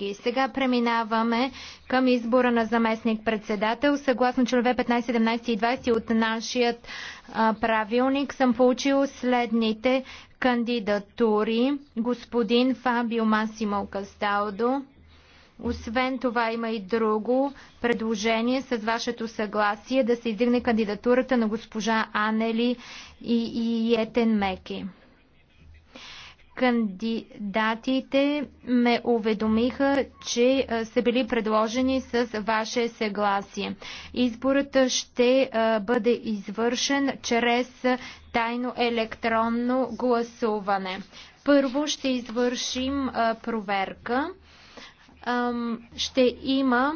И сега преминаваме към избора на заместник-председател. Съгласно членове 15, 17 и 20 от нашият а, правилник съм получил следните кандидатури. Господин Фабио Масимо Касталдо. Освен това има и друго предложение с вашето съгласие да се издигне кандидатурата на госпожа Анели и, и Етен Меки. Кандидатите ме уведомиха, че са били предложени с ваше съгласие. Изборът ще бъде извършен чрез тайно електронно гласуване. Първо ще извършим проверка. Ще има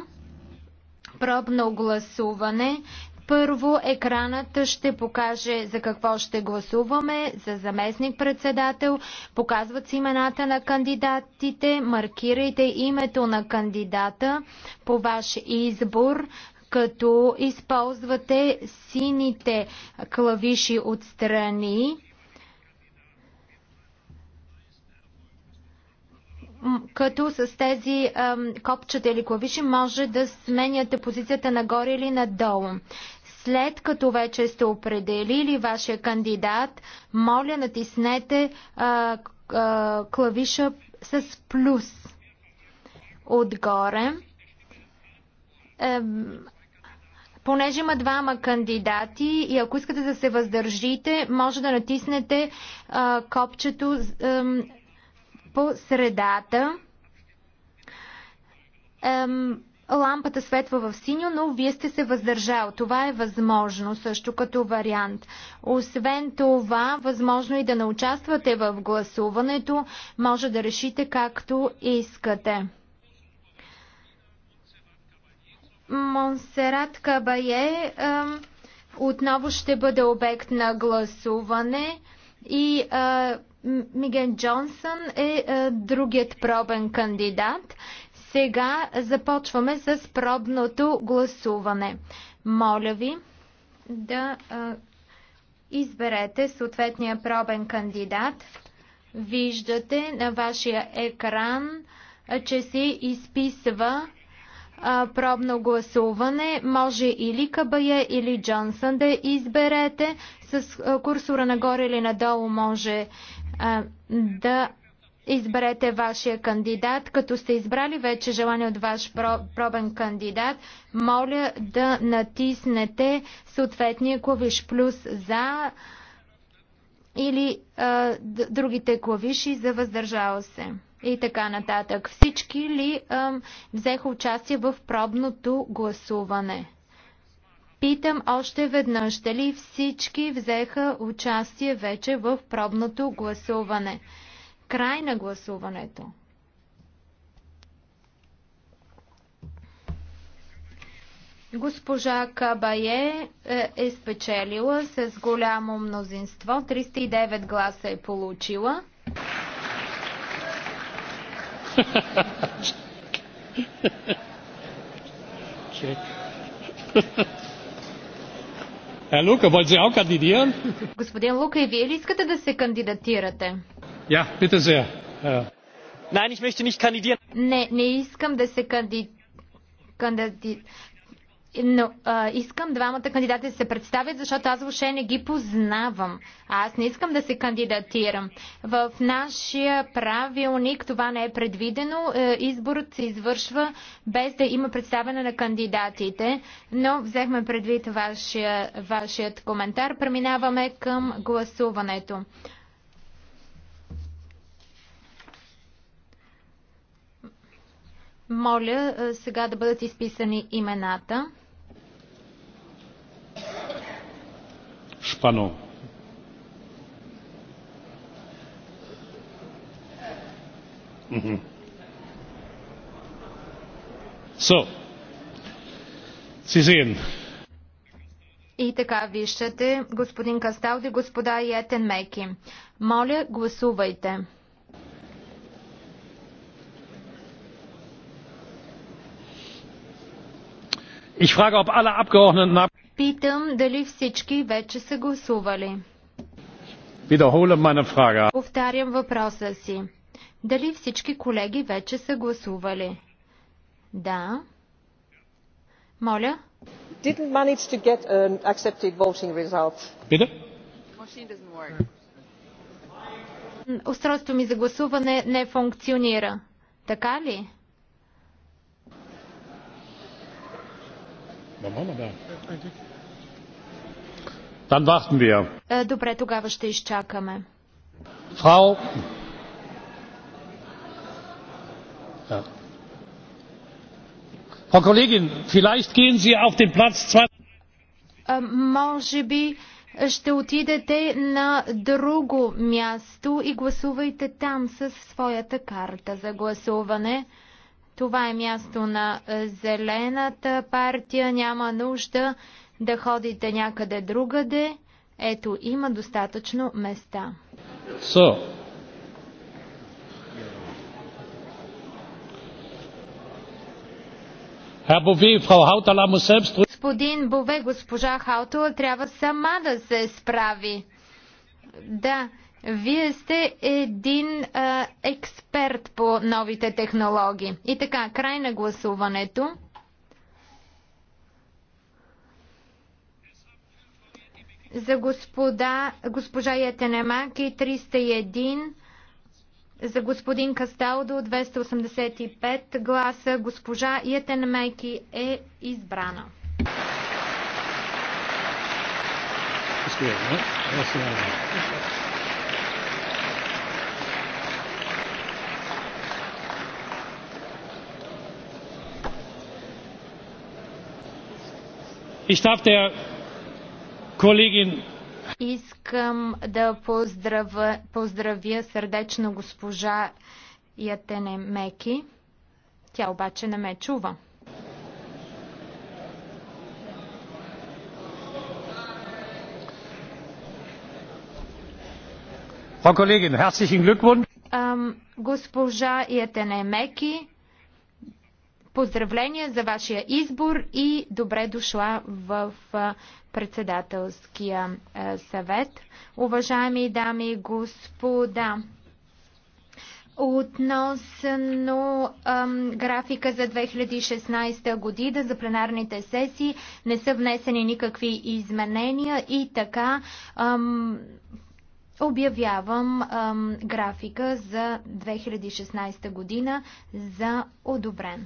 пробно гласуване. Първо екранът ще покаже за какво ще гласуваме, за заместник-председател. Показват се имената на кандидатите. Маркирайте името на кандидата по ваш избор, като използвате сините клавиши отстрани. като с тези ем, копчета или клавиши може да сменяте позицията нагоре или надолу. След като вече сте определили вашия кандидат, моля натиснете а, а, клавиша с плюс отгоре. А, понеже има двама кандидати и ако искате да се въздържите, може да натиснете а, копчето а, по средата лампата светва в синьо, но вие сте се въздържал. Това е възможно също като вариант. Освен това, възможно е и да не участвате в гласуването, може да решите както искате. Монсерат Кабае отново ще бъде обект на гласуване и Миген Джонсън е другият пробен кандидат. Сега започваме с пробното гласуване. Моля ви да а, изберете съответния пробен кандидат. Виждате на вашия екран, а, че се изписва а, пробно гласуване. Може или Кабая, или Джонсън да изберете. С а, курсора нагоре или надолу може а, да изберете вашия кандидат. Като сте избрали вече желание от ваш пробен кандидат, моля да натиснете съответния клавиш плюс за или а, другите клавиши за въздържал се и така нататък. Всички ли а, взеха участие в пробното гласуване? Питам още веднъж, дали всички взеха участие вече в пробното гласуване? Край на гласуването. Госпожа Кабае е, е спечелила с голямо мнозинство. 309 гласа е получила. Господин Лука, и вие ли искате да се кандидатирате? Ja, bitte sehr. Nein, ich möchte nicht kandidieren. Не, не искам да се Но а, искам двамата кандидати да се представят, защото аз въобще не ги познавам. Аз не искам да се кандидатирам. В нашия правилник това не е предвидено. Е, изборът се извършва без да има представяне на кандидатите, но взехме предвид вашия, вашият коментар. Преминаваме към гласуването. Моля е, сега да бъдат изписани имената. Шпано. Mm-hmm. So. Sie sehen. И така виждате господин Касталди, господа Йетен Меки. Моля, гласувайте. Питам дали всички вече са гласували. Повтарям въпроса си. Дали всички колеги вече са гласували? Да. Моля? Didn't manage to get an accepted voting result. Bitte? Устройство ми за гласуване не функционира. Така ли? Е, добре, тогава ще изчакаме. Frau. Ja. Frau Kollegin, vielleicht gehen Sie auf den Platz 2. Е, може би ще отидете на друго място и гласувайте там със своята карта за гласуване. Това е място на е, Зелената партия. Няма нужда да ходите някъде другаде. Ето, има достатъчно места. So. Господин Бове, госпожа Хаутала трябва сама да се справи. Да, вие сте един а, експерт по новите технологии. И така, край на гласуването. За господа, госпожа Ятенемаки 301, за господин Касталдо 285 гласа, госпожа Ятенемаки е избрана. Спасибо. Ich darf der Kollegin Искам да поздравя, поздравя сърдечно госпожа Ятене Меки. Тя обаче не ме чува. Frau Kollegin, herzlichen Glückwunsch. Госпожа Ятене Меки, Поздравления за вашия избор и добре дошла в председателския съвет. Уважаеми дами и господа, Относно ам, графика за 2016 година за пленарните сесии не са внесени никакви изменения и така ам, обявявам ам, графика за 2016 година за одобрен.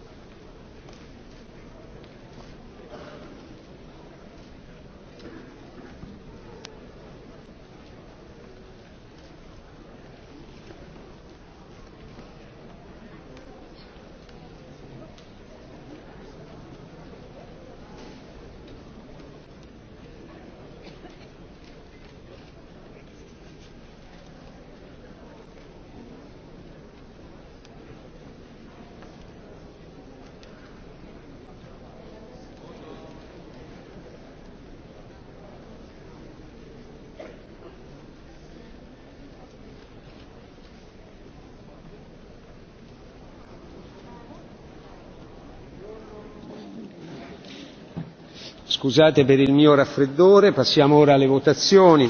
Scusate per il mio raffreddore, passiamo ora alle votazioni.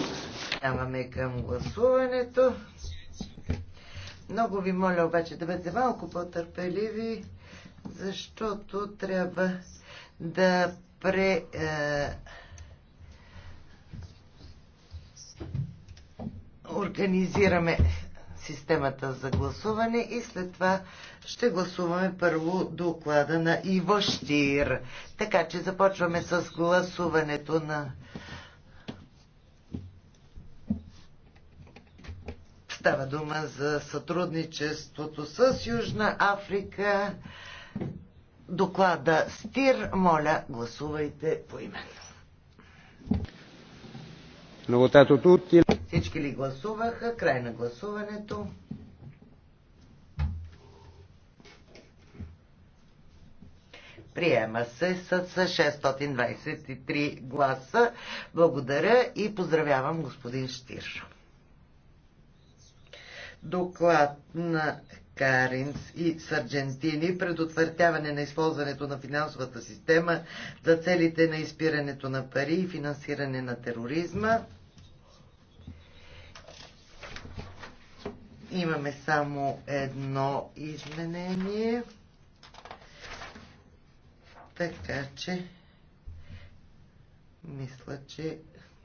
Много ви моля обаче да бъдете малко по-търпеливи, защото трябва да пре... Е, организираме системата за гласуване и след това ще гласуваме първо доклада на Иво Штир. Така че започваме с гласуването на Става дума за сътрудничеството с Южна Африка. Доклада Стир, моля, гласувайте поименно. Hanno votato тут. Всички ли гласуваха? Край на гласуването. Приема се с 623 гласа. Благодаря и поздравявам господин Штир. Доклад на Каринс и Сарджентини Предотвъртяване на използването на финансовата система за целите на изпирането на пари и финансиране на тероризма. Имаме само едно изменение. Така че мисля, че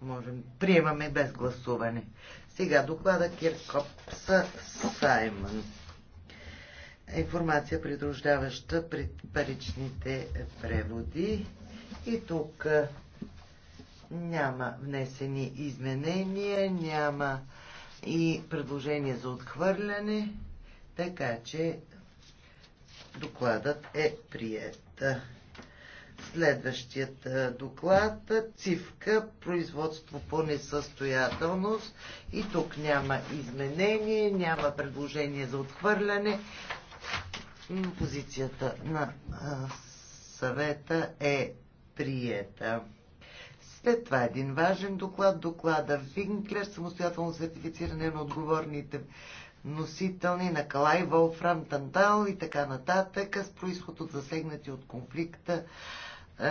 можем. Приемаме без гласуване. Сега доклада Киркоп с Саймън. Информация, придружаваща пред паричните преводи. И тук няма внесени изменения, няма и предложение за отхвърляне, така че докладът е прият. Следващият доклад цивка производство по несъстоятелност и тук няма изменение, няма предложение за отхвърляне. Позицията на съвета е приета. След това е един важен доклад, доклада Винклер, самостоятелно сертифициране на отговорните носителни на Калай, Волфрам, Тантал и така нататък, с происход от засегнати от конфликта е,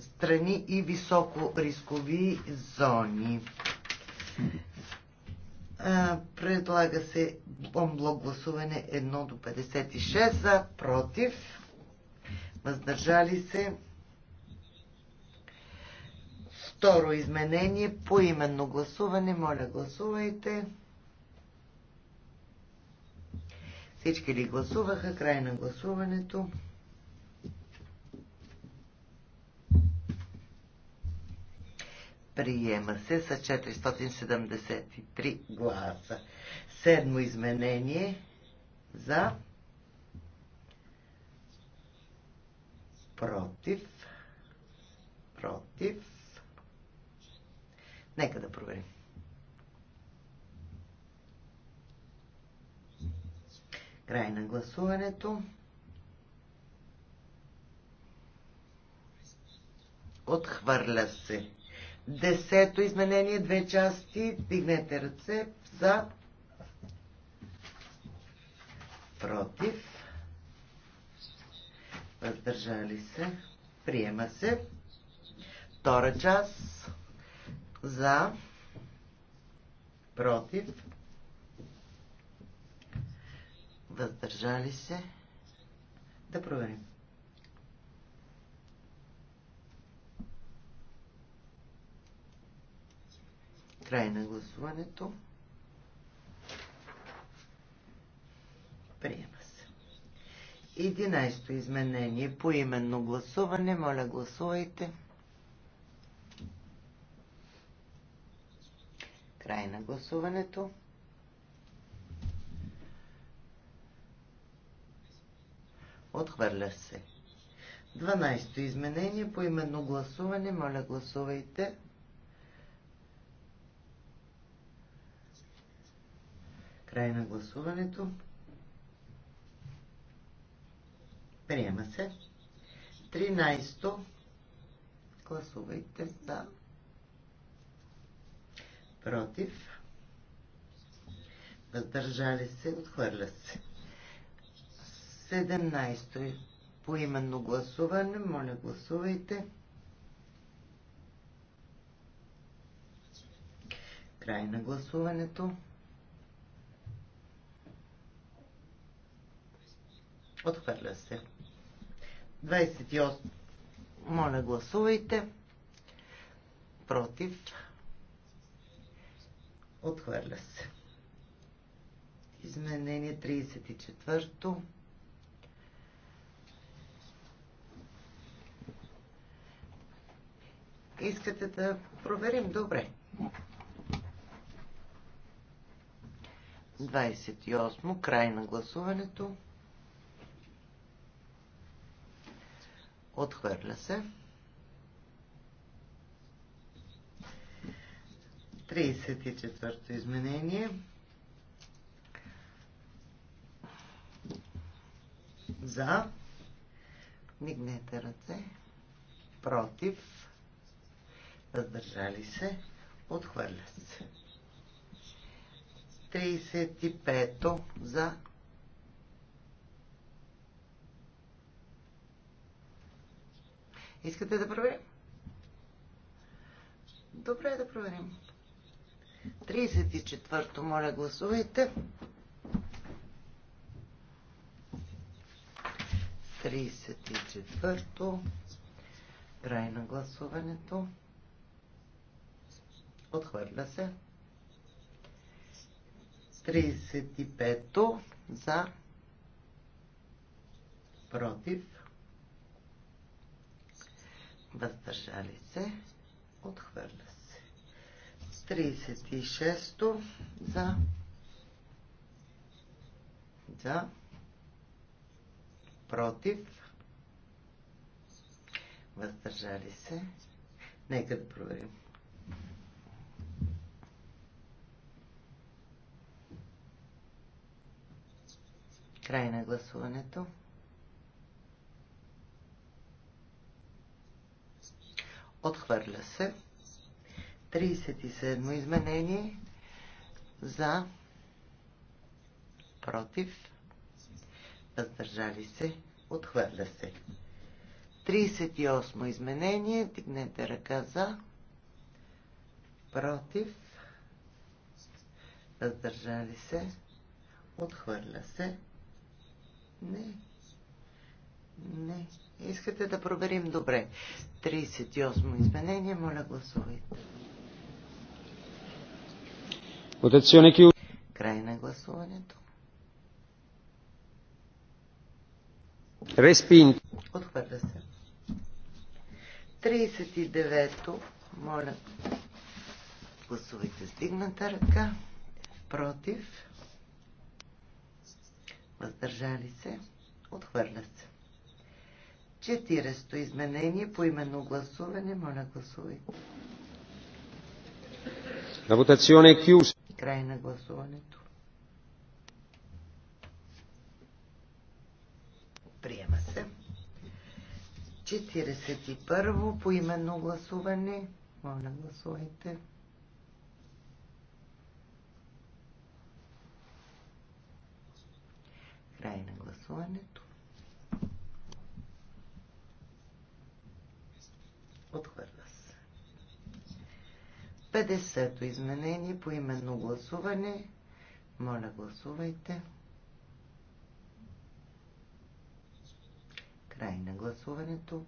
страни и високо рискови зони. Е, предлага се бомбло гласуване 1 до 56 за, против, въздържали се Второ изменение по именно гласуване. Моля, гласувайте. Всички ли гласуваха? Край на гласуването. Приема се с 473 гласа. Седмо изменение за против против Нека да проверим. Край на гласуването. Отхвърля се. Десето изменение, две части. Дигнете ръце за против. Въздържали се. Приема се. Втора част за, против, въздържали се. Да проверим. Край на гласуването. Приема се. 11 изменение по именно гласуване. Моля, гласувайте. Край на гласуването. Отхвърля се. 12-то изменение по именно гласуване. Моля, гласувайте. Край на гласуването. Приема се. 13-то. Гласувайте за. Да против, въздържали се, отхвърля се. 17 е по именно гласуване, моля гласувайте. Край на гласуването. Отхвърля се. 28. Моля гласувайте. Против. Отхвърля се. Изменение 34-то. Искате да проверим? Добре. 28. Край на гласуването. Отхвърля се. 34-то изменение. За. Мигнете ръце. Против. Въздържали се. Отхвърля се. 35-то за. Искате да проверим? Добре, да проверим. 34-то, моля гласувайте. 34-то. Край на гласуването. Отхвърля се. 35-то за против въздържали се отхвърля се 36-то за за против въздържали се нека да проверим край на гласуването отхвърля се 37 изменение за против въздържали се отхвърля се 38 изменение дигнете ръка за против въздържали се отхвърля се не не искате да проверим добре 38 изменение моля гласувайте Край на гласуването. Респин. Отхвърля се. 39-то. Моля. Гласувайте с дигната ръка. Против. Въздържали се. Отхвърля се. 40-то изменение по именно гласуване. Моля, гласувайте. La votazione è chiusa. Край на гласуването. Приема се. 41-во по именно гласуване. Моля, гласувайте. Край на гласуването. Отхвърля. 50-то изменение по именно гласуване. Моля, гласувайте. Край на гласуването.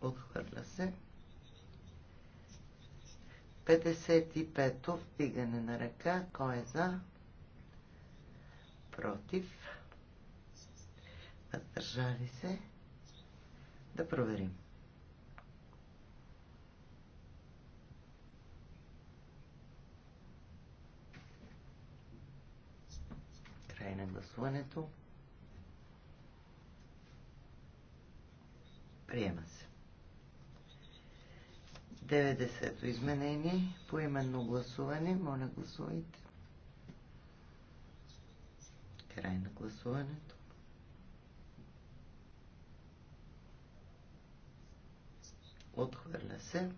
Отхвърля се. 55-то вдигане на ръка. Кой е за? Против. Въздържали се. Да проверим. Край на гласуването. Приема се. 90-то изменение по именно гласуване. Моля, гласувайте. Край на гласуването. Отхвърля се.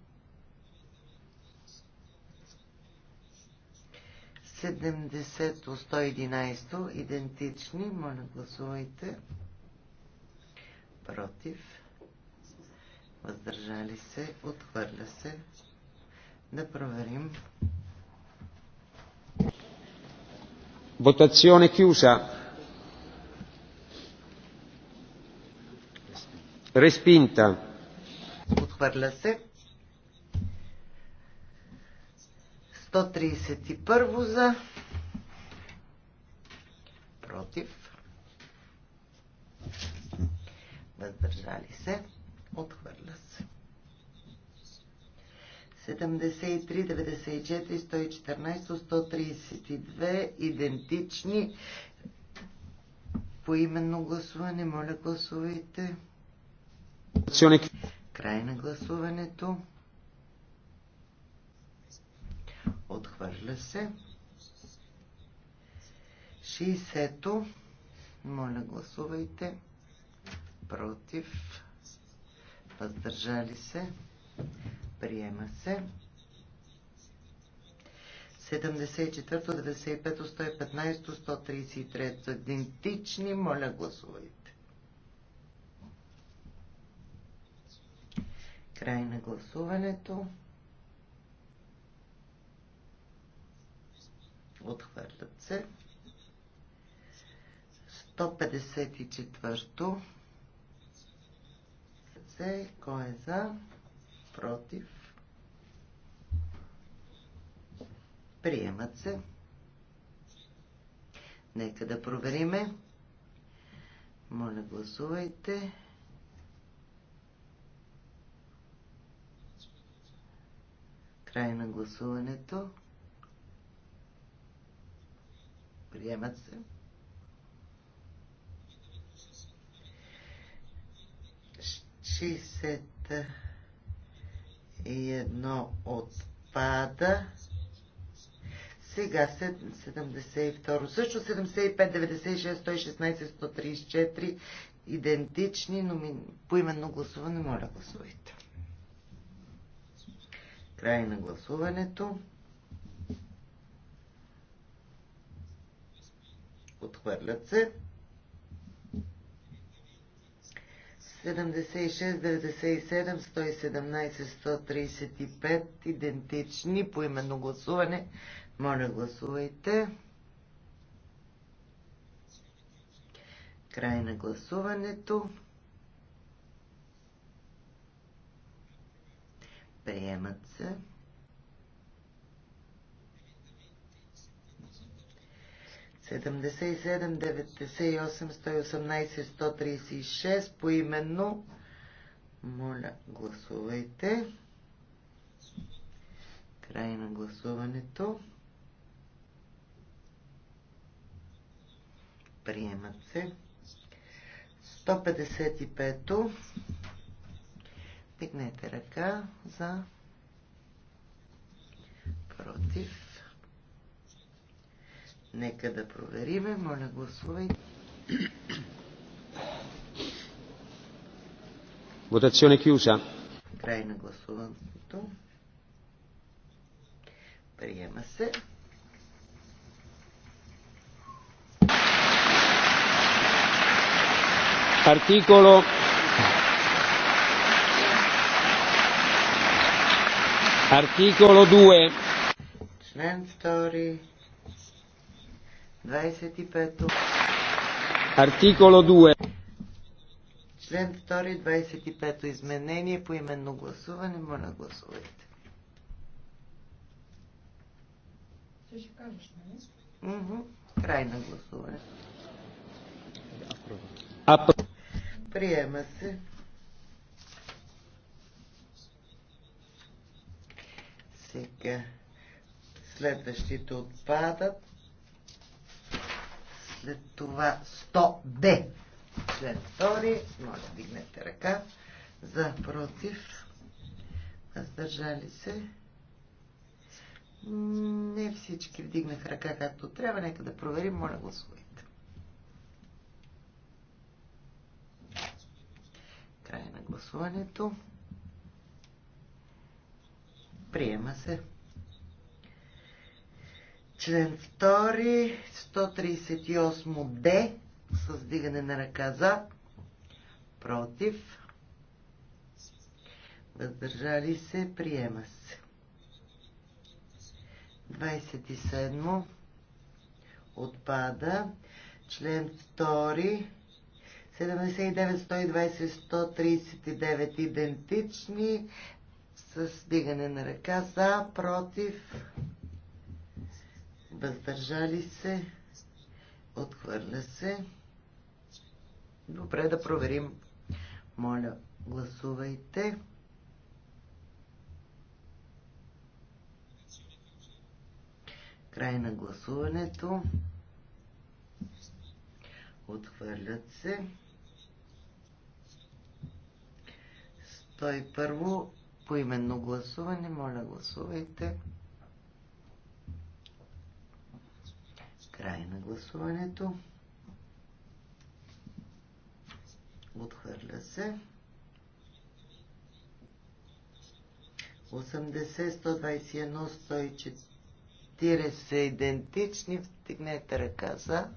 70-111 идентични. Моля, гласувайте. Против. Въздържали се. Отхвърля се. Да проверим. Votazione chiusa. Respinta. Отхвърля се. 131 за. Против. Въздържали се. Отхвърля се. 73, 94, 114, 132 идентични. По именно гласуване, моля гласувайте. Край на гласуването. Отхвърля се. 60-то. Моля, гласувайте. Против. Въздържали се. Приема се. 74, 95, 115, 133 са идентични. Моля, гласувайте. Край на гласуването. Отхвърлят се. 154-то. Кой е за? Против. Приемат се. Нека да провериме. Моля, гласувайте. Край на гласуването. Приемат се. Шестдесет и едно отпада. Сега 72. Също 75, 96, 116, 134 идентични, но ми... поименно гласуване. Моля, гласувайте. Край на гласуването. Отхвърлят се. 76, 97, 117, 135 идентични по именно гласуване. Моля, гласувайте. Край на гласуването. Приемат се. 77, 98, 118, 136 поименно. Моля, гласувайте. Край на гласуването. Приемат се. 155-то. Пикнете ръка за против. Нека да провериме. Моля, гласувайте. Votazione chiusa. Край на гласуването. Приема се. Articolo Articolo 2 Член 25. Артиколо 2. Член 2, 25 изменение по именно гласуване. Моля, гласувайте. Ти ще кажеш, нали? Угу. Край на гласуване. Приема се. Сега. Следващите отпадат след това 100D. Член, втори, може да дигнете ръка. За, против, въздържали се. Не всички вдигнаха ръка както трябва. Нека да проверим. Моля, гласувайте. Край на гласуването. Приема се. Член 2, 138 Д, с дигане на ръка за, против, въздържали се, приема се. 27 отпада. Член 2, 79, 120, 139 идентични с дигане на ръка за, против, въздържали се, отхвърля се. Добре, да проверим. Моля, гласувайте. Край на гласуването. Отхвърлят се. Стой по поименно гласуване. Моля, гласувайте. Край на гласуването. Отхвърля се. 80, 121, 140 са идентични. Втигнете ръка за.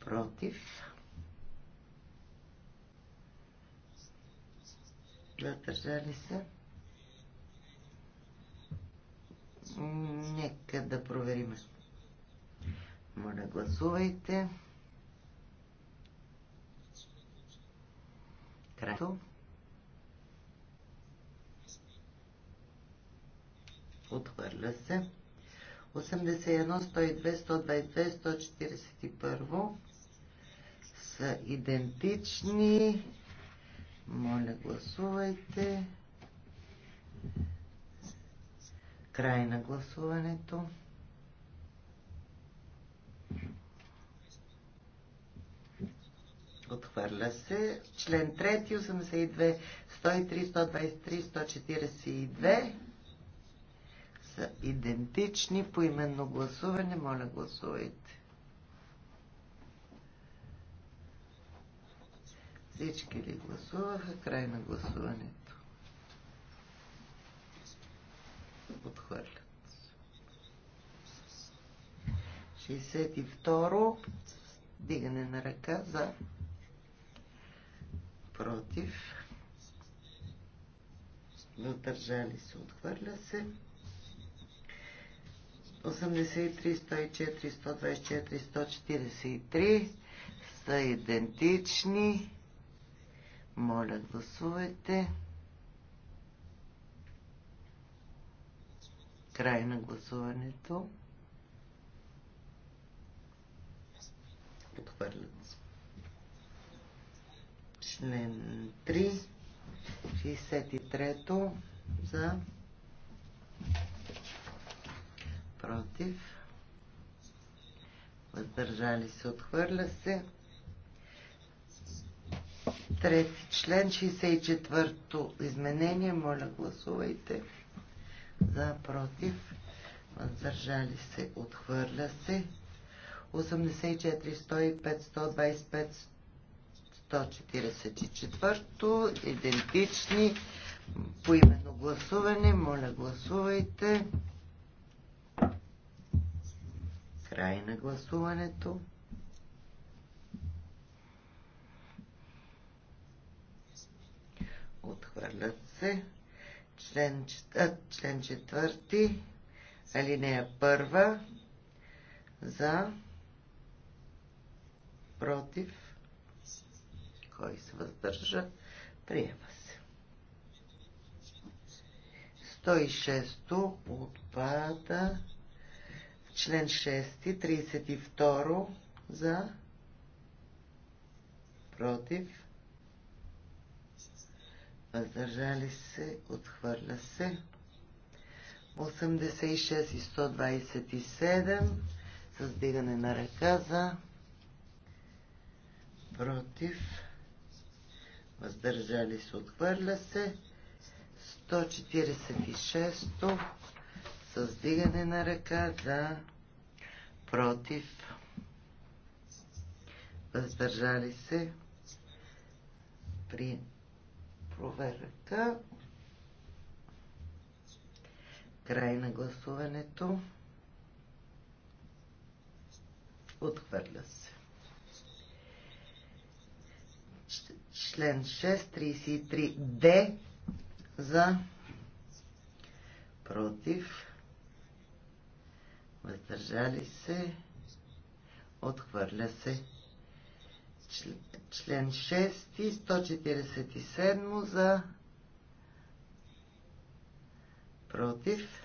Против. Задържали се. Нека да проверим. Моля, гласувайте. Крайто. Отхвърля се. 81, 102, 122, 141 са идентични. Моля, гласувайте. Край на гласуването. Отхвърля се. Член 3, 82, 103, 123, 142 са идентични по именно гласуване. Моля, гласувайте. Всички ли гласуваха? Край на гласуването. Отхвърля. 62. Дигане на ръка за. Против. Въздържали се. Отхвърля се. 83, 104, 124, 143 са идентични. Моля, гласувайте. Край на гласуването. Отхвърлят се. Член 3. 63-то за против. Въздържали се, отхвърля се. Трети член, 64-то изменение. Моля, гласувайте за против. Въздържали се, отхвърля се. 84, 105, 125, 144, идентични, по именно гласуване. Моля, гласувайте. Край на гласуването. Отхвърлят се. Член, а, член четвърти, алинея първа, за против, кой се въздържа, приема се. 106 то отпада, член 6, 32 за, против, въздържали се, отхвърля се. 86 и 127 с дигане на ръка за против, въздържали се, отхвърля се. 146-то с дигане на ръка за против, въздържали се при проверка. Край на гласуването. Отхвърля се. член 633D за против въздържали се отхвърля се член 6 147 за против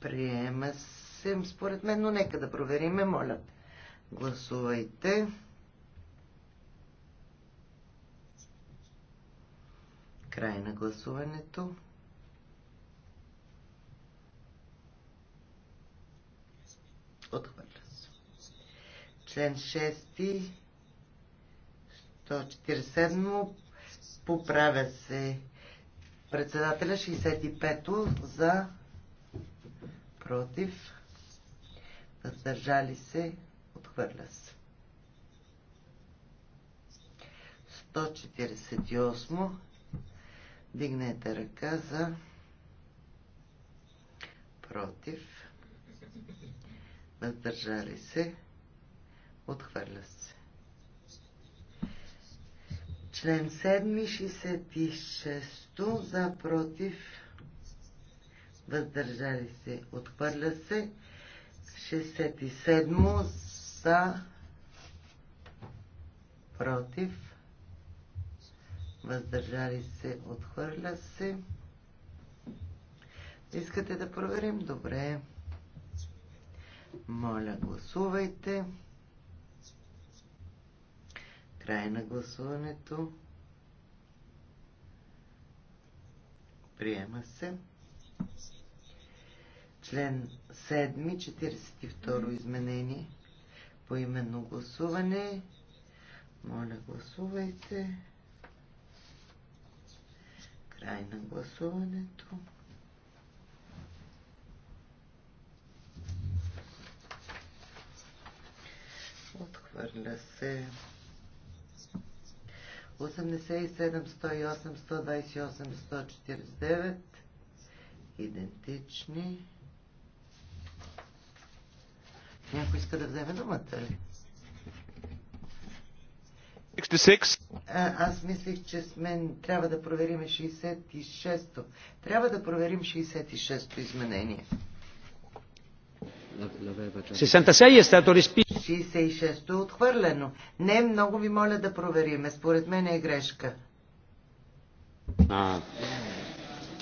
приема се според мен, но нека да провериме, моля те. Гласувайте. Край на гласуването. Отхвърля се. Член 6, 147, поправя се председателя 65-то за против. Въздържали се Отхвърля се. 148. Дигнете ръка за против. Въздържали се. Отхвърля се. Член 7, 66 за против. Въздържали се. Отхвърля се. 67 са, против, въздържали се, отхвърля се. Искате да проверим? Добре. Моля, гласувайте. Край на гласуването. Приема се. Член 7, 42 изменение. По именно гласуване. Моля, гласувайте. Край на гласуването. Отхвърля се. 87, 108, 128, 149. Идентични. Някой иска да вземе думата ли? А, аз мислих, че сме, трябва да проверим 66-то. Трябва да проверим 66-то изменение. 66 66-то е, е отхвърлено. Не, много ви моля да провериме. Според мен е грешка. А.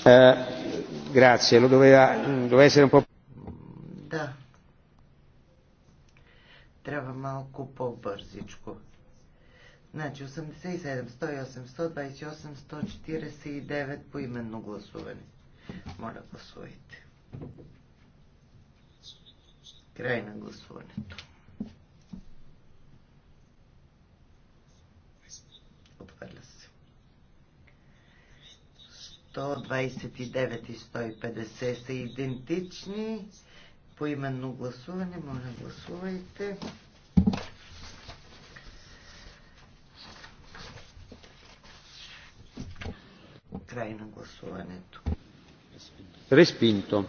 Е, грация, но doveva, Да трябва малко по-бързичко. Значи 87, 108, 128, 149 по именно гласуване. Моля, гласувайте. Край на гласуването. Отвърля се. 129 и 150 са идентични поименно гласуване. Моля, гласувайте. Край на гласуването. Респинто.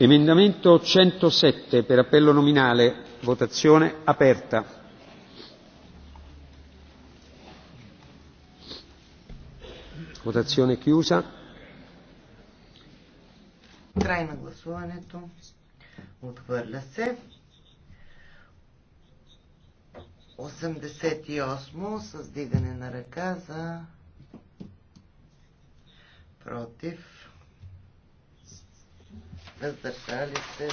Emendamento 107 per appello nominale. Votazione aperta. Votazione chiusa. Край на гласуването. Отхвърля се. 88 с дигане на ръка за против. Въздържали се.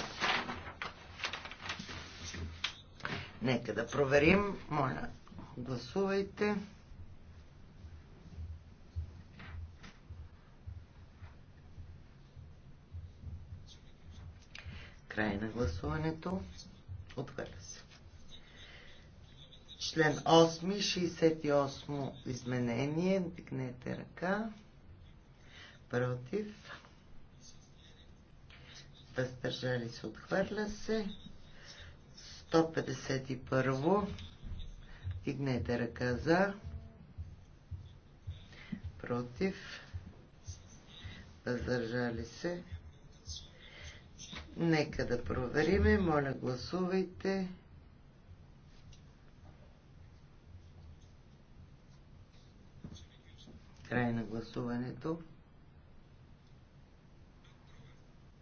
Нека да проверим. Моля, гласувайте. Край на гласуването. Отхвърля се. Член 8, 68 изменение. Дигнете ръка. Против. Въздържали се. Отхвърля се. 151. Дигнете ръка за. Против. Въздържали се. Нека да провериме. Моля, гласувайте. Край на гласуването.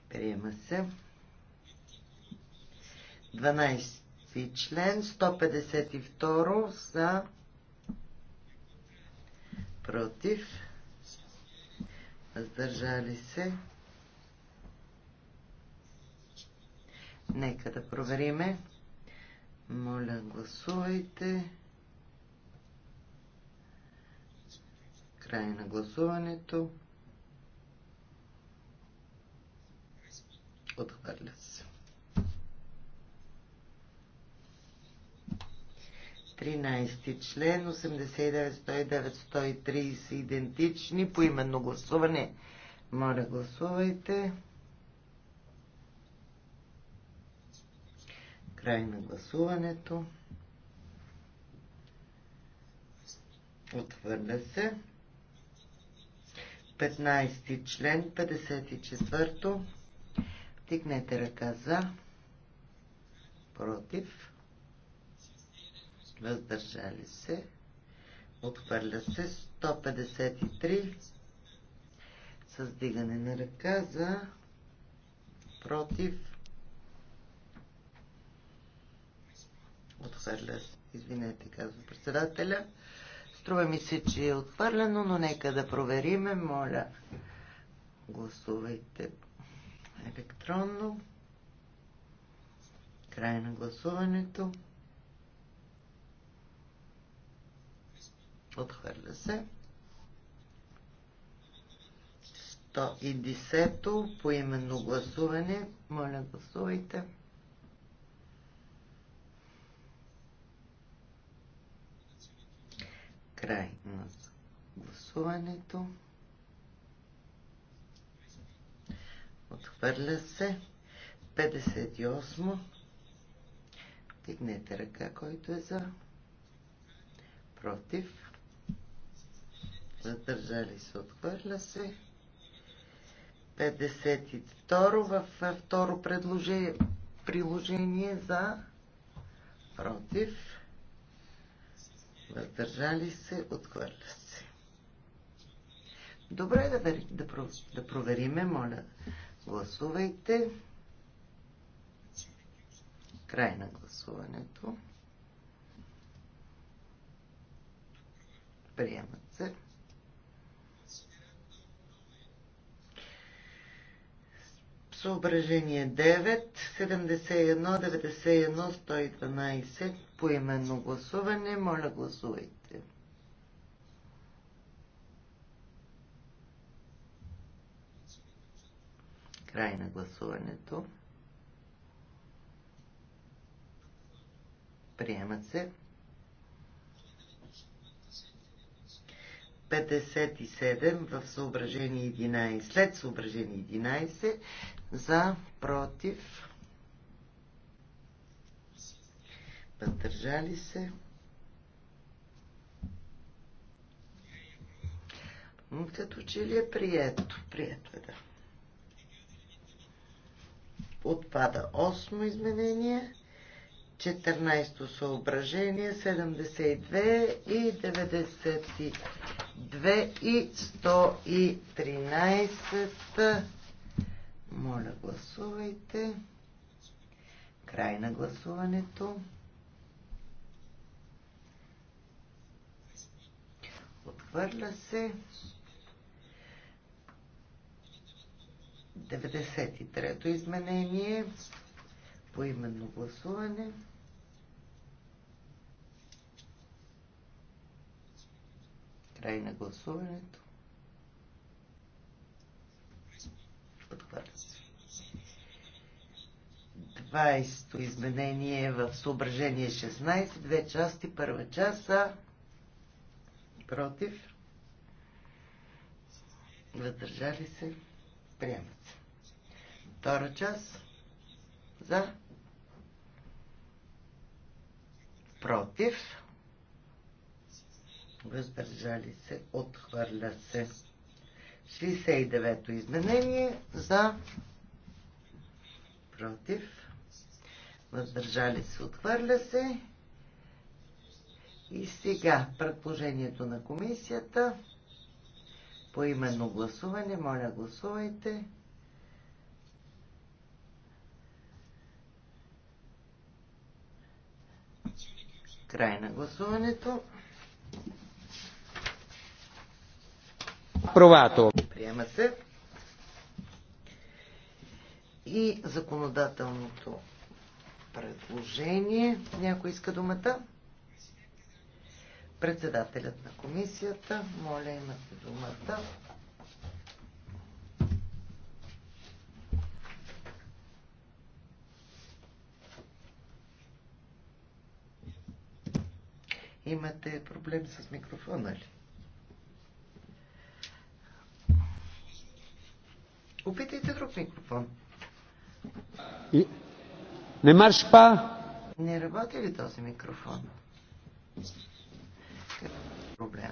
Приема се. 12 член, 152 за против. Въздържали се. Нека да провериме. Моля, гласувайте. Край на гласуването. Отхвърля се. 13 член, 89, 109, 130 идентични. По именно гласуване. Моля, гласувайте. Край на гласуването. Отхвърля се. 15 член, 54-то. Втикнете ръка за. Против. Въздържали се. Отхвърля се. 153. Създигане на ръка за. Против от Хърлер, Извинете, казва председателя. Струва ми се, че е отхвърлено, но нека да провериме. Моля, гласувайте електронно. Край на гласуването. Отхвърля се. 110 по именно гласуване. Моля, гласувайте. Край на гласуването. Отхвърля се. 58. Дигнете ръка, който е за. Против. Задържали се. Отхвърля се. 52 В второ предложение, приложение за против въздържали се, отхвърля се. Добре, да, да, про, да провериме, моля. Гласувайте. Край на гласуването. Приемат се. Съображение 9, 71, 91, 112, именно гласуване. Моля, гласувайте. Край на гласуването. Приема се. 57 в съображение 11, след съображение 11, за, против, въздържали се. Като че ли е прието? Прието е, да. Отпада 8 изменение, 14 съображение, 72 и 92 и 113 моля, гласувайте. Край на гласуването. Отвърля се. 93-то изменение по именно гласуване. Край на гласуването. 20-то изменение в съображение 16, две части, първа част са против, въздържали се, приемат се. Втора част за против, въздържали се, отхвърля се. 69-то изменение за против. Въздържали се, отхвърля се. И сега предположението на комисията по именно гласуване. Моля, гласувайте. Край на гласуването. Провато приема се. И законодателното предложение. Някой иска думата? Председателят на комисията. Моля, имате думата. Имате проблем с микрофона ли? Опитайте друг микрофон. И... Не марш па? Не работи ли този микрофон? Е проблем.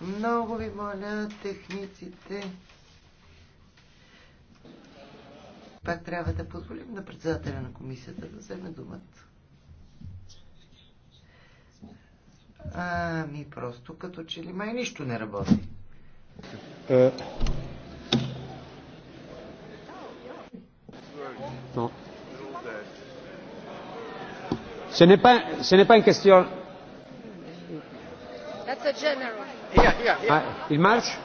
Много ви моля, техниците. Пак трябва да позволим на председателя на комисията да вземе думата. Ами просто като че ли май нищо не работи. Uh, non. Ce n'est pas, ce n'est pas une question. That's a general. Yeah, yeah, yeah. Ah, il marche?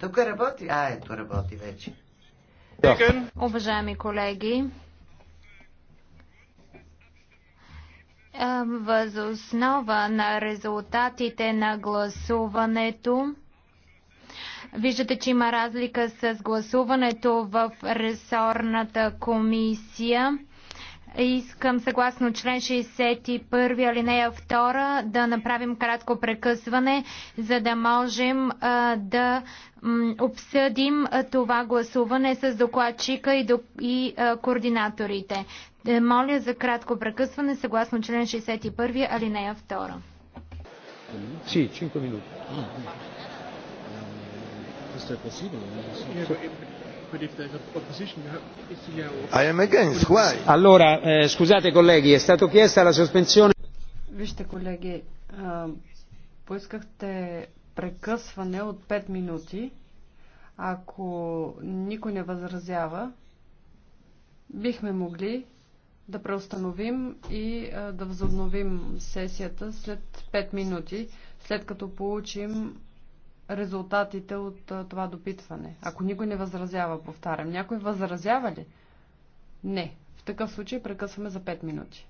Тук работи? А, ето работи вече. Уважаеми колеги, е, основа на резултатите на гласуването Виждате, че има разлика с гласуването в ресорната комисия. Искам съгласно член 61 алинея 2 да направим кратко прекъсване, за да можем а, да м, обсъдим а, това гласуване с докладчика и, до, и а, координаторите. Е, моля за кратко прекъсване съгласно член 61 алинея 2. 5 минути. Is possible? I am against. Why? Allora, eh, scusate colleghi, è stato chiesta la sospensione... Вижте, колеги, поискахте прекъсване от 5 минути. Ако никой не възразява, бихме могли да преустановим и да възобновим сесията след 5 минути, след като получим резултатите от това допитване? Ако никой не възразява, повтарям. Някой възразява ли? Не. В такъв случай прекъсваме за 5 минути.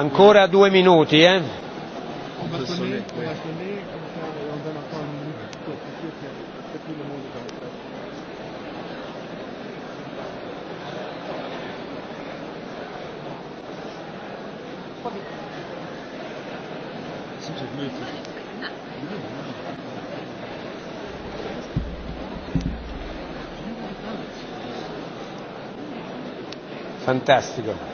Ancora due minuti, eh? Fantastico.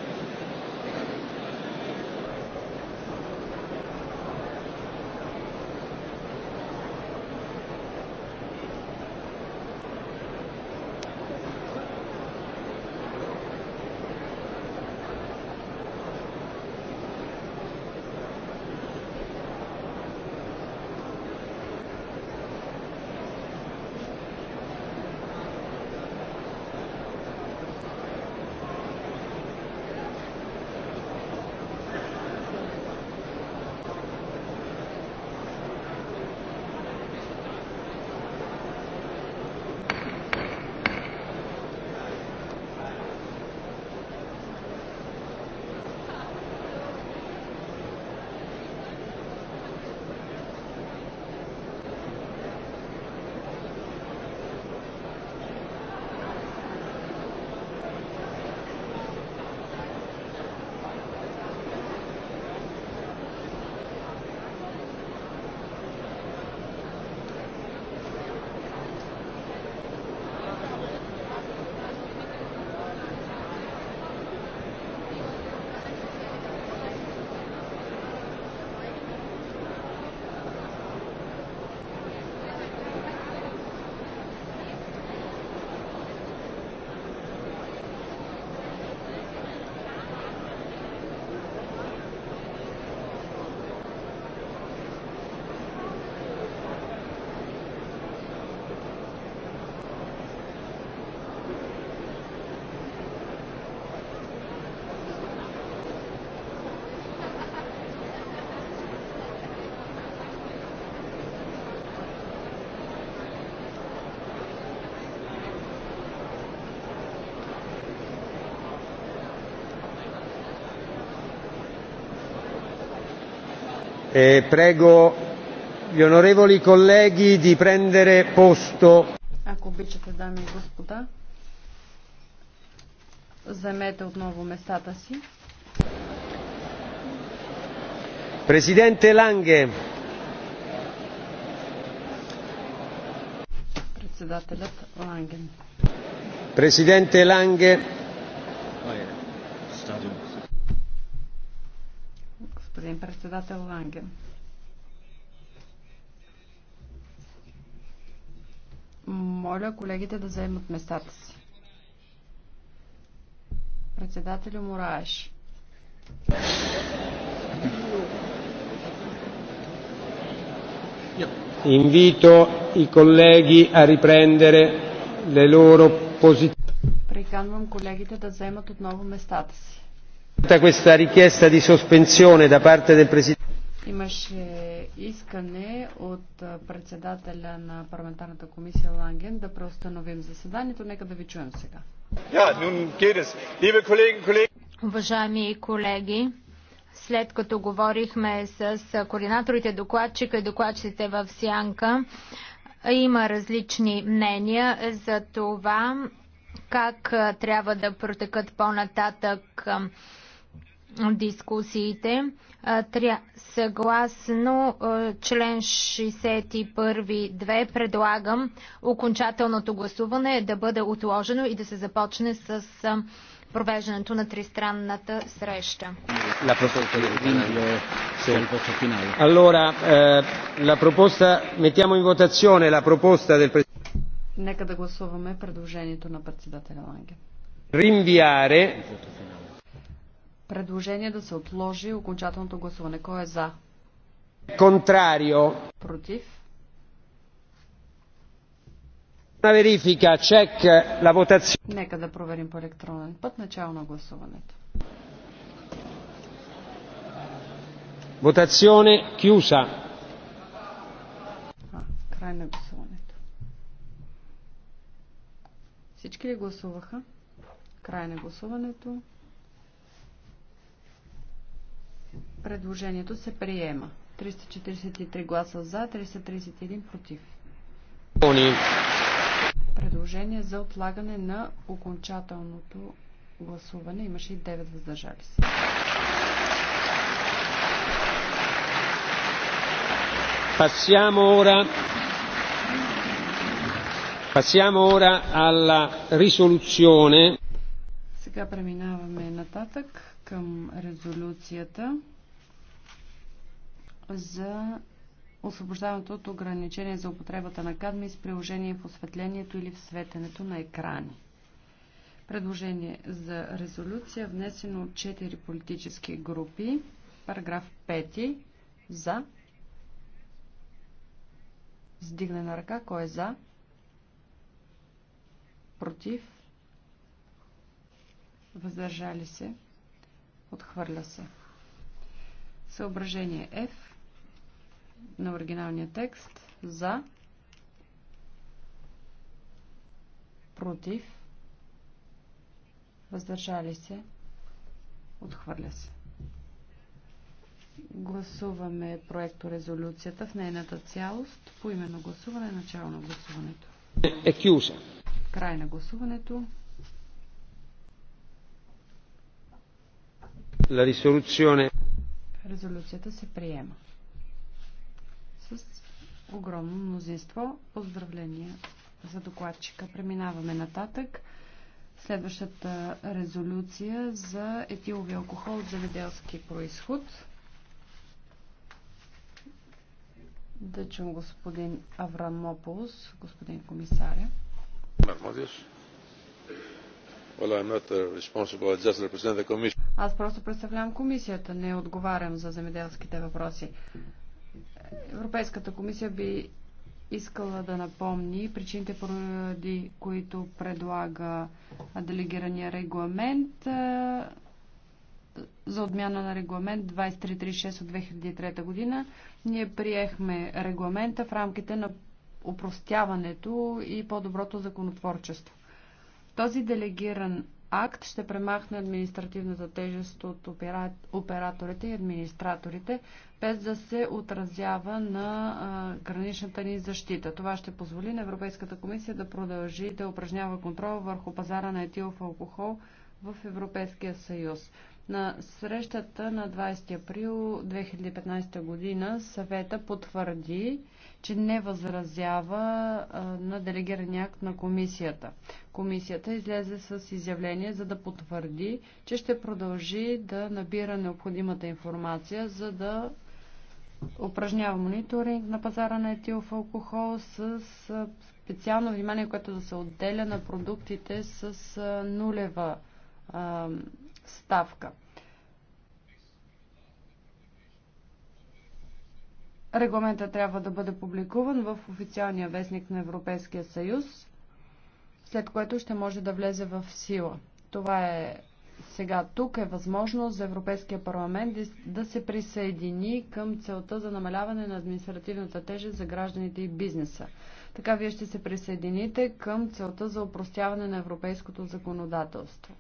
E prego gli onorevoli colleghi di prendere posto. Ако обичате, дами и господа, заемете отново местата си. Президенте Ланге. Председателят Ланген. Президенте Ланге. председател Ланген. Моля колегите да заемат местата си. Председателю Мураеш. Invito i colleghi a riprendere le loro posizioni. Приканвам колегите да заемат отново местата си. Имаше искане от председателя на парламентарната комисия Ланген да преустановим заседанието. Нека да ви чуем сега. Уважаеми колеги, след като говорихме с координаторите, докладчика и докладчиците в Сянка, има различни мнения за това как трябва да протекат по-нататък дискусиите. Съгласно член 61.2 предлагам окончателното гласуване да бъде отложено и да се започне с провеждането на тристранната среща. Нека да гласуваме предложението на председателя Ланге. Rinviare Предложение да се отложи окончателното гласуване. Кой е за? Контрарио. Против. На верифика, чек, la votazione. Нека да проверим по електронен път начало на гласуването. Votazione chiusa. А, край на гласуването. Всички ли гласуваха? Край на гласуването. Предложението се приема. 343 гласа за, 331 против. Предложение за отлагане на окончателното гласуване. Имаше и 9 въздържали се. Passiamo ora, passiamo ora alla risoluzione. Сега преминаваме нататък към резолюцията за освобождаването от ограничение за употребата на кадми с приложение в осветлението или в светенето на екрани. Предложение за резолюция внесено от 4 политически групи. Параграф 5. За. Сдигне на ръка. Кой е за? Против. Въздържали се. Отхвърля се. Съображение F на оригиналния текст за, против, въздържали се, отхвърля се. Гласуваме проекто резолюцията в нейната цялост по именно гласуване, начало на гласуването. Екюза. Край на гласуването. La risoluzione. Резолюцията се приема с огромно мнозинство. Поздравления за докладчика. Преминаваме нататък. Следващата резолюция за етилови алкохол от земеделски происход. Да чум господин Аврамополос, господин комисаря. Uh, Аз просто представлявам комисията, не отговарям за земеделските въпроси. Европейската комисия би искала да напомни причините, поради които предлага делегирания регламент е, за отмяна на регламент 2336 от 2003 година. Ние приехме регламента в рамките на упростяването и по-доброто законотворчество. Този делегиран акт ще премахне административната тежест от операторите и администраторите, без да се отразява на граничната ни защита. Това ще позволи на Европейската комисия да продължи да упражнява контрол върху пазара на етилов алкохол в Европейския съюз. На срещата на 20 април 2015 година съвета потвърди, че не възразява на делегирания акт на комисията. Комисията излезе с изявление, за да потвърди, че ще продължи да набира необходимата информация, за да упражнява мониторинг на пазара на етилов алкохол с специално внимание, което да се отделя на продуктите с нулева ставка. Регламента трябва да бъде публикуван в официалния вестник на Европейския съюз, след което ще може да влезе в сила. Това е сега тук е възможност за Европейския парламент да се присъедини към целта за намаляване на административната тежест за гражданите и бизнеса. Така вие ще се присъедините към целта за упростяване на европейското законодателство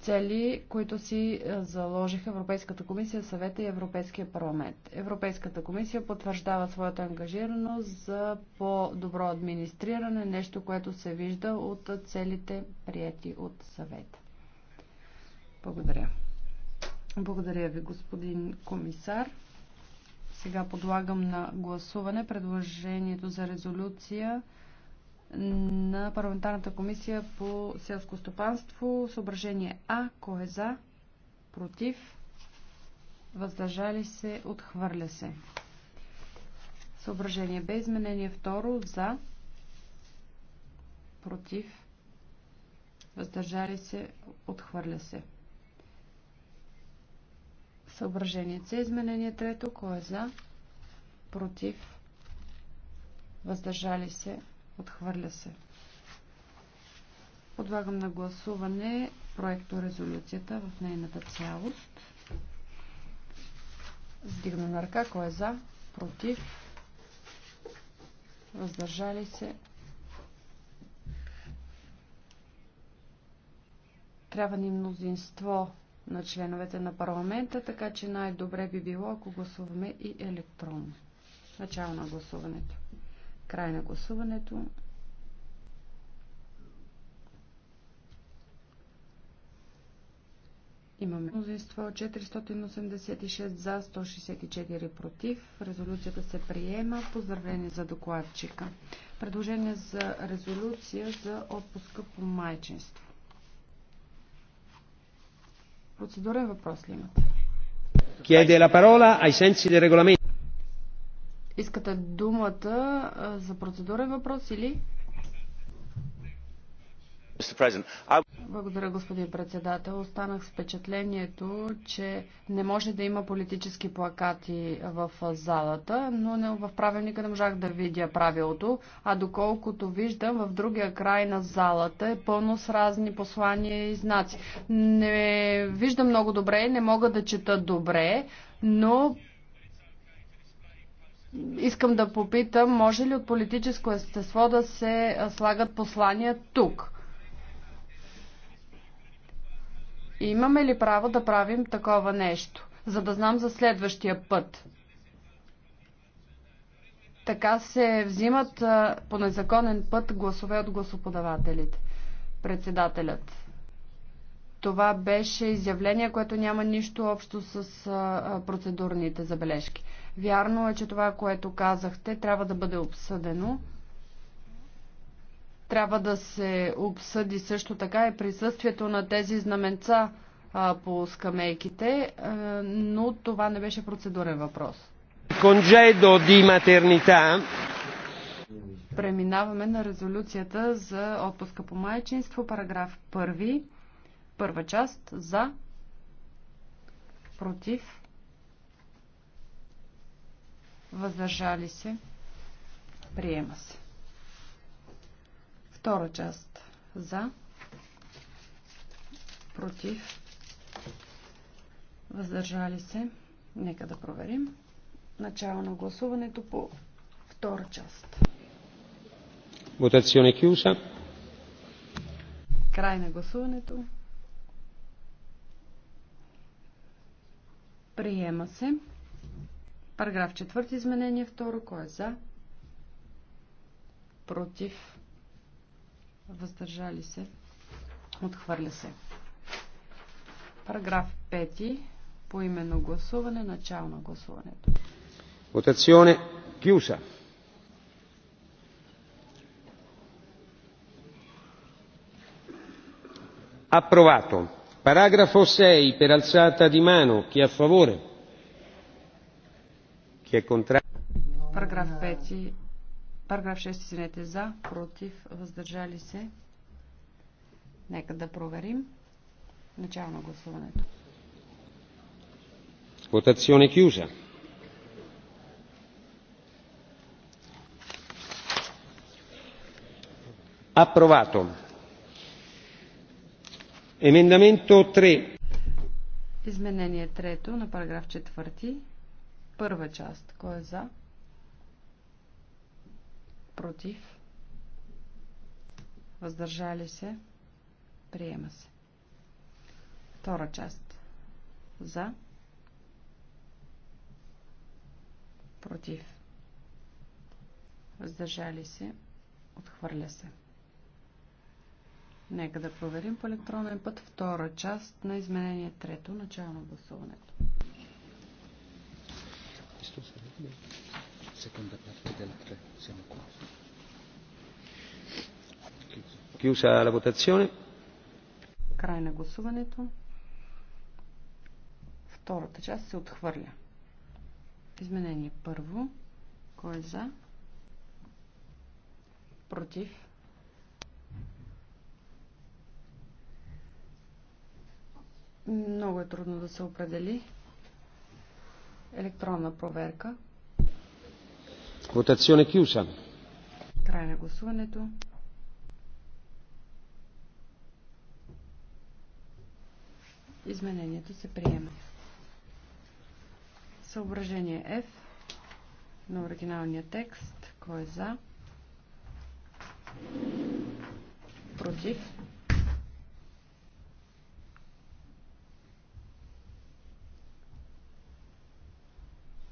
цели, които си е, заложиха Европейската комисия, съвета и Европейския парламент. Европейската комисия потвърждава своята ангажираност за по-добро администриране, нещо, което се вижда от целите прияти от съвета. Благодаря. Благодаря ви, господин комисар. Сега подлагам на гласуване предложението за резолюция на парламентарната комисия по селско стопанство. Съображение А. Кой е за? Против? Въздържали се? Отхвърля се. Съображение Б. Изменение второ. За. Против. Въздържали се. Отхвърля се. Съображение С. Изменение трето. Кой е за? Против. Въздържали се. Отхвърля се. Подлагам на гласуване проекто резолюцията в нейната цялост. Сдигна на ръка. Кой е за? Против? Въздържали се? Трябва ни мнозинство на членовете на парламента, така че най-добре би било, ако гласуваме и електронно. Начало на гласуването. Край на гласуването. Имаме мнозинство 486 за, 164 против. Резолюцията се приема. Поздравление за докладчика. Предложение за резолюция за отпуска по майчинство. Процедурен въпрос ли имате? Chiede la parola ai sensi del regolamento. Искате думата за процедурен въпрос или? Благодаря, господин председател. Останах с впечатлението, че не може да има политически плакати в залата, но в правилника не можах да видя правилото. А доколкото виждам, в другия край на залата е пълно с разни послания и знаци. Не виждам много добре, не мога да чета добре, но искам да попитам, може ли от политическо естество да се слагат послания тук? Имаме ли право да правим такова нещо, за да знам за следващия път? Така се взимат по незаконен път гласове от гласоподавателите. Председателят. Това беше изявление, което няма нищо общо с процедурните забележки. Вярно е, че това, което казахте, трябва да бъде обсъдено. Трябва да се обсъди също така и присъствието на тези знаменца по скамейките, но това не беше процедурен въпрос. Конжедо ди матернита. Преминаваме на резолюцията за отпуска по майчинство, параграф 1. Първа част за, против, въздържали се, приема се. Втора част за, против, въздържали се. Нека да проверим. Начало на гласуването по втора част. Votazione chiusa. Край на гласуването. Приема се. Параграф 4. Изменение 2. Кой е за? Против. Въздържали се. Отхвърля се. Параграф 5. По именно гласуване. Начало на гласуването. Votazione chiusa. Approvato paragrafo sei per alzata di mano chi è a favore chi è contrario параграф 5 параграф 6 извинете за против въздържали се нека да проверим начало на гласуването votazione chiusa approvato Емендаменто 3. Изменение трето на параграф четвърти. Първа част. Кой е за? Против? Въздържали се? Приема се. Втора част. За? Против? Въздържали се? Отхвърля се. Нека да проверим по електронен път втора част на изменение трето, начало на гласуването. Е Chiusa la votazione. Край на гласуването. Втората част се отхвърля. Изменение първо. Кой е за? Против? Много е трудно да се определи. Електронна проверка. е кюса. Край на гласуването. Изменението се приема. Съображение F на оригиналния текст. Кой е за? Против?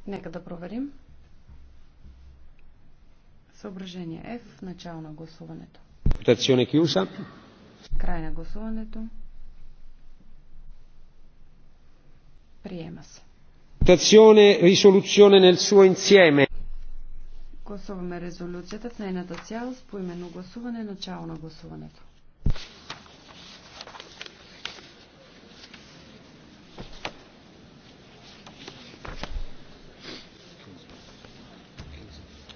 Нека да проверим. Съображение F. Начало на гласуването. Тационе chiusa. Край на гласуването. Приема се. Тационе резолюционе nel suo insieme. Гласуваме резолюцията в нейната цялост по именно гласуване, начало на гласуването.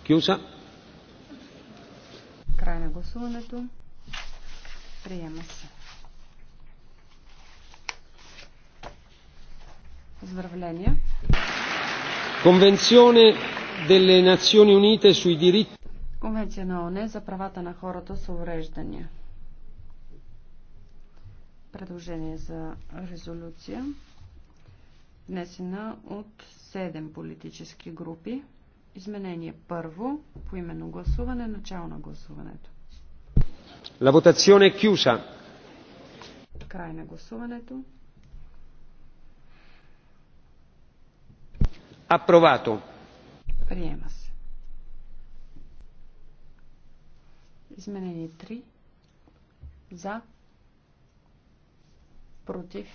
Кюса. Край на гласуването. Приема се. Поздравления. Конвенционе delle Nazioni Unite sui diritti. Конвенция на ОНЕ за правата на хората с увреждания. Предложение за резолюция, внесена от 7 политически групи. Изменение първо, по именно гласуване, начало на гласуването. La votazione è chiusa. Край на гласуването. Апровато. Приема се. Изменение 3. За. Против.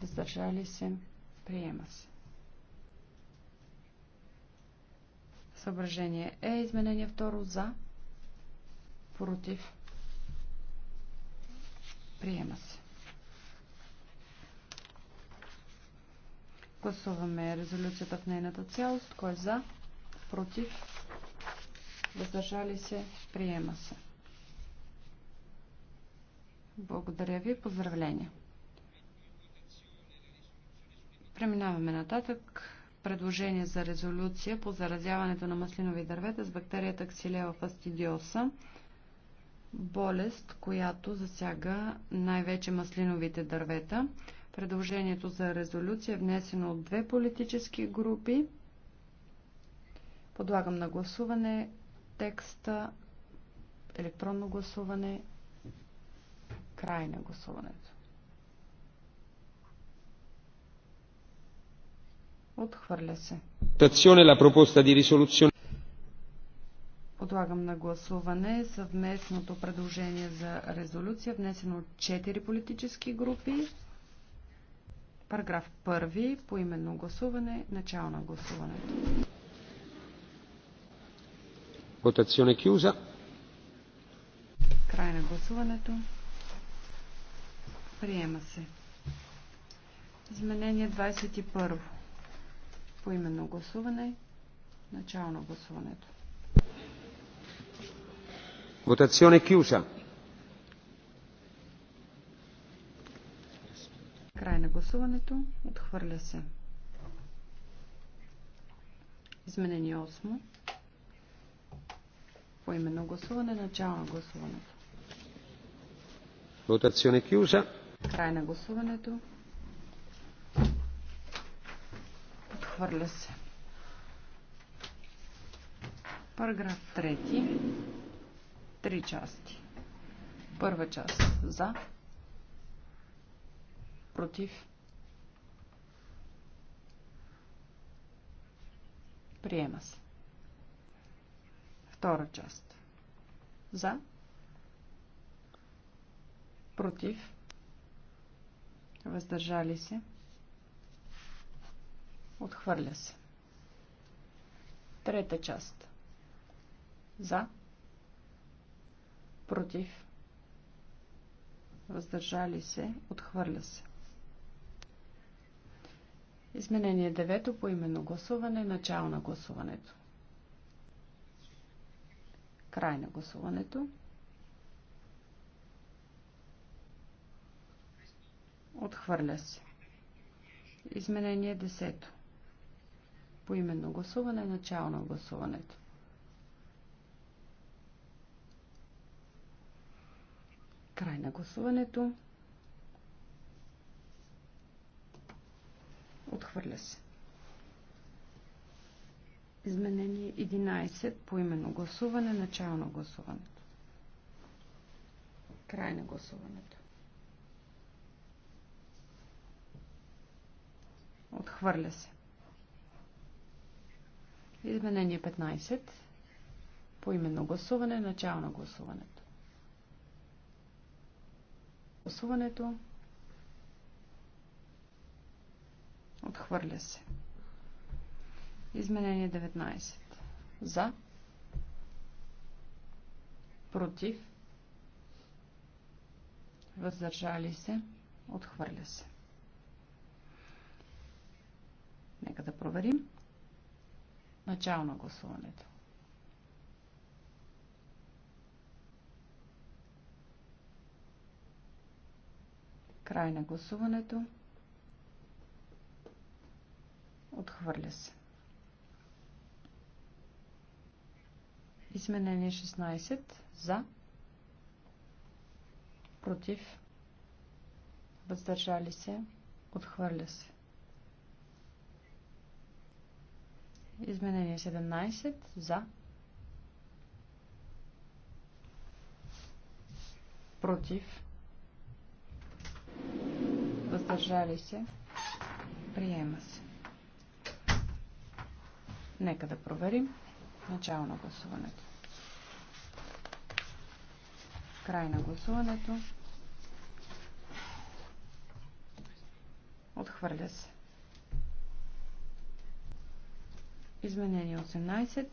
Въздържали се. Приема се. Съображение е изменение второ за, против, приема се. Гласуваме резолюцията в нейната цялост. Кой е за, против, въздържали се, приема се. Благодаря ви. Поздравления. Преминаваме нататък предложение за резолюция по заразяването на маслинови дървета с бактерията Xylella fastidiosa, болест, която засяга най-вече маслиновите дървета. Предложението за резолюция е внесено от две политически групи. Подлагам на гласуване текста, електронно гласуване, край на гласуването. Отхвърля се. Подлагам на гласуване съвместното предложение за резолюция, внесено от 4 политически групи. Параграф 1. по именно гласуване. Начало на гласуването. Votazione chiusa. Край на гласуването. Приема се. Изменение 21 по именно гласуване. Начало на гласуването. Votazione chiusa. Край на гласуването. Отхвърля се. Изменение 8. По именно гласуване. Начало на гласуването. Votazione chiusa. Край на гласуването. Отхвърля се. Параграф 3. Три части. Първа част за. Против. Приема се. Втора част. За. Против. Въздържали се. Отхвърля се. Трета част. За. Против. Въздържали се. Отхвърля се. Изменение 9 по именно гласуване. Начало на гласуването. Край на гласуването. Отхвърля се. Изменение 10. По именно гласуване, начало на гласуването. Край на гласуването. Отхвърля се. Изменение 11 по именно гласуване, начало на гласуването. Край на гласуването. Отхвърля се. Изменение 15. По именно гласуване. Начало на гласуването. Гласуването. Отхвърля се. Изменение 19. За. Против. Въздържали се. Отхвърля се. Нека да проверим. Начало на гласуването. Край на гласуването. Отхвърля се. Изменение 16. За. Против. Въздържали се. Отхвърля се. Изменение 17 за. Против. Въздържали се. Приема се. Нека да проверим начало на гласуването. Край на гласуването. Отхвърля се. Изменение 18.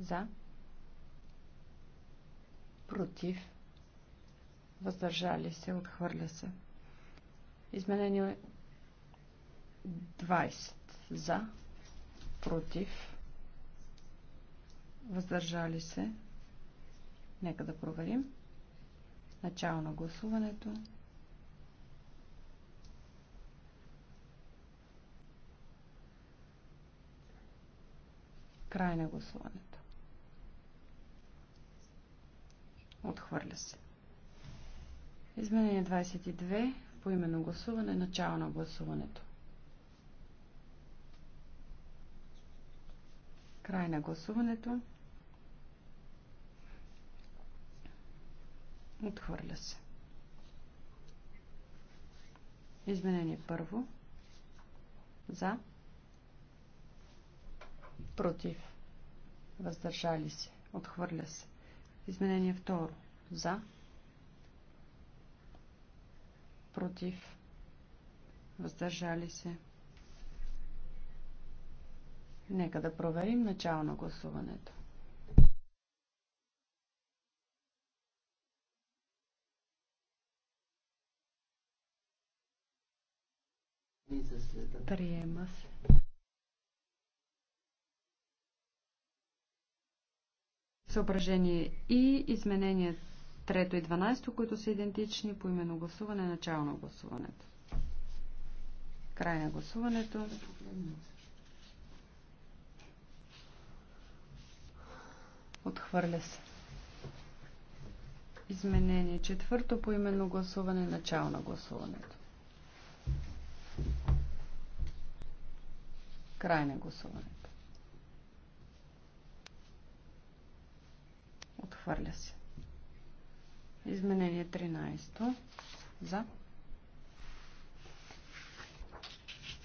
За. Против. Въздържали се. Отхвърля се. Изменение 20. За. Против. Въздържали се. Нека да проверим. Начало на гласуването. Край на гласуването. Отхвърля се. Изменение 22. По именно гласуване. Начало на гласуването. Край на гласуването. Отхвърля се. Изменение първо. За. Против. Въздържали се. Отхвърля се. Изменение второ. За. Против. Въздържали се. Нека да проверим начало на гласуването. Приема се. Съображение и изменение 3 и 12, които са идентични по именно гласуване, начало на гласуването. Край на гласуването. Отхвърля се. Изменение четвърто по именно гласуване, начало на гласуването. Край на гласуването. Отхвърля се. Изменение 13. За.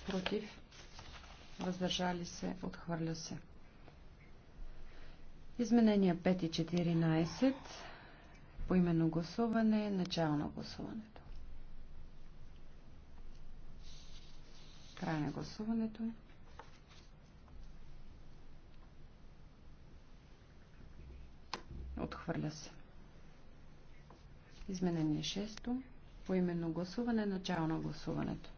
Против. Въздържали се. Отхвърля се. Изменения 5 и 14. именно гласуване. Начало на гласуването. Край на гласуването. Отхвърля се. Изменение 6. Поименно гласуване. Начало на гласуването.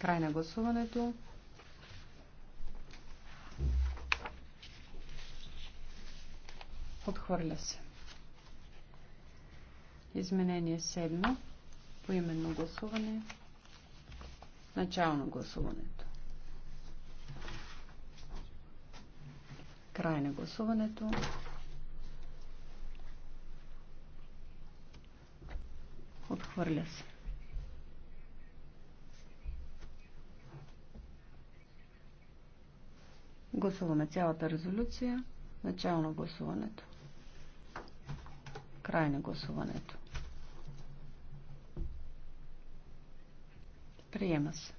Край на гласуването. Отхвърля се. Изменение 7. Поименно гласуване. Начало на гласуването. Край на гласуването. Отхвърля се. Гласуваме цялата резолюция. Начало на гласуването. Край на гласуването. Приема се.